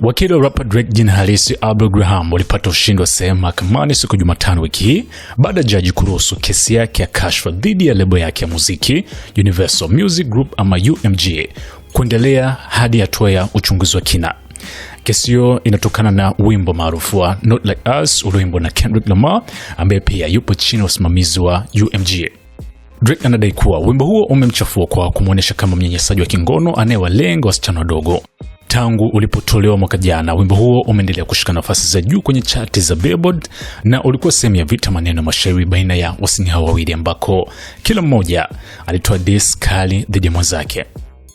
Wakili wa rapa Drake jina halisi Abel Graham walipata ushindi wa sehemu mahakamani siku ya Jumatano wiki hii baada ya jaji kuruhusu kesi yake ya kashfa dhidi ya lebo yake ya muziki Universal Music Group ama UMG kuendelea hadi hatua ya uchunguzi wa kina. Kesi hiyo inatokana na wimbo maarufu wa Not Like Us ulioimbwa na Kendrick Lamar ambaye pia yupo chini ya usimamizi wa UMG. Drake anadai kuwa wimbo huo umemchafua kwa kumwonyesha kama mnyanyasaji wa kingono anayewalenga wasichana wadogo tangu ulipotolewa mwaka jana. Wimbo huo umeendelea kushika nafasi za juu kwenye chati za Billboard na ulikuwa sehemu ya vita maneno mashairi baina ya wasanii hao wawili ambako kila mmoja alitoa diss kali dhidi ya mwenzake.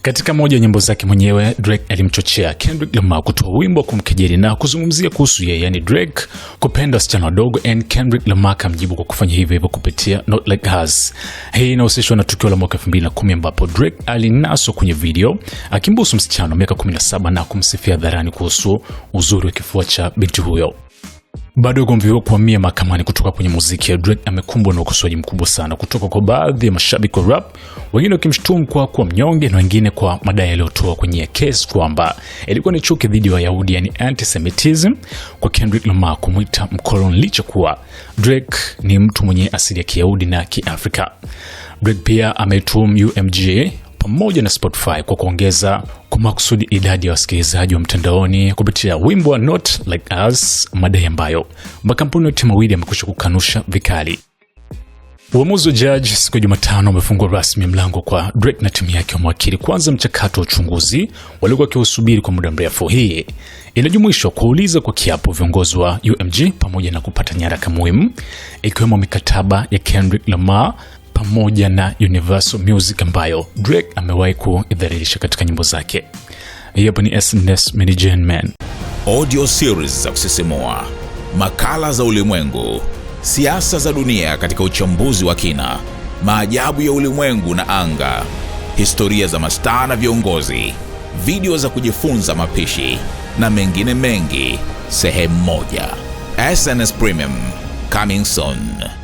Katika moja ya nyimbo zake mwenyewe Drake alimchochea Kendrick Lamar kutoa wimbo kumkejeli na kuzungumzia kuhusu yeye, yani Drake kupenda wasichana wadogo, and Kendrick Lamar kamjibu kwa kufanya hivyo hivyo kupitia Not Like Us. Hii inahusishwa na tukio la mwaka 2010 ambapo Drake alinaswa kwenye video akimbusu msichana wa miaka 17 na kumsifia hadharani kuhusu uzuri wa kifua cha binti huyo. Baada ya ugomvi huo kuhamia mahakamani kutoka kwenye muziki ya Drake, amekumbwa na ukosoaji mkubwa sana kutoka kwa baadhi ya mashabiki wa rap, wengine wakimshutumu kwa kuwa mnyonge na wengine kwa madai aliyotoa kwenye kesi kwamba ilikuwa ni chuki dhidi ya Wayahudi, yani antisemitism, kwa Kendrick Lamar kumwita mkoloni, licha kuwa Drake ni mtu mwenye asili ya Kiyahudi na Kiafrika. Drake pia ametuhumu UMG pamoja na Spotify kwa kuongeza kwa makusudi idadi ya wasikilizaji wa mtandaoni kupitia wimbo wa Not Like Us, madai ambayo makampuni yote mawili yamekwisha kukanusha vikali. Uamuzi wa jaji siku ya Jumatano umefungua rasmi mlango kwa Drake na timu yake wamewakili kwanza mchakato wa uchunguzi waliokuwa wakiusubiri kwa muda mrefu. Hii inajumuishwa kuuliza kwa kiapo viongozi wa UMG pamoja na kupata nyaraka muhimu ikiwemo mikataba ya Kendrick Lamar pamoja na universal music ambayo Drake amewahi kuidhalilisha katika nyimbo zake. Hiyo hapo ni SNS Medicine Man, audio series za kusisimua, makala za ulimwengu, siasa za dunia katika uchambuzi wa kina, maajabu ya ulimwengu na anga, historia za mastaa na viongozi, video za kujifunza mapishi na mengine mengi, sehemu moja. SNS Premium coming soon.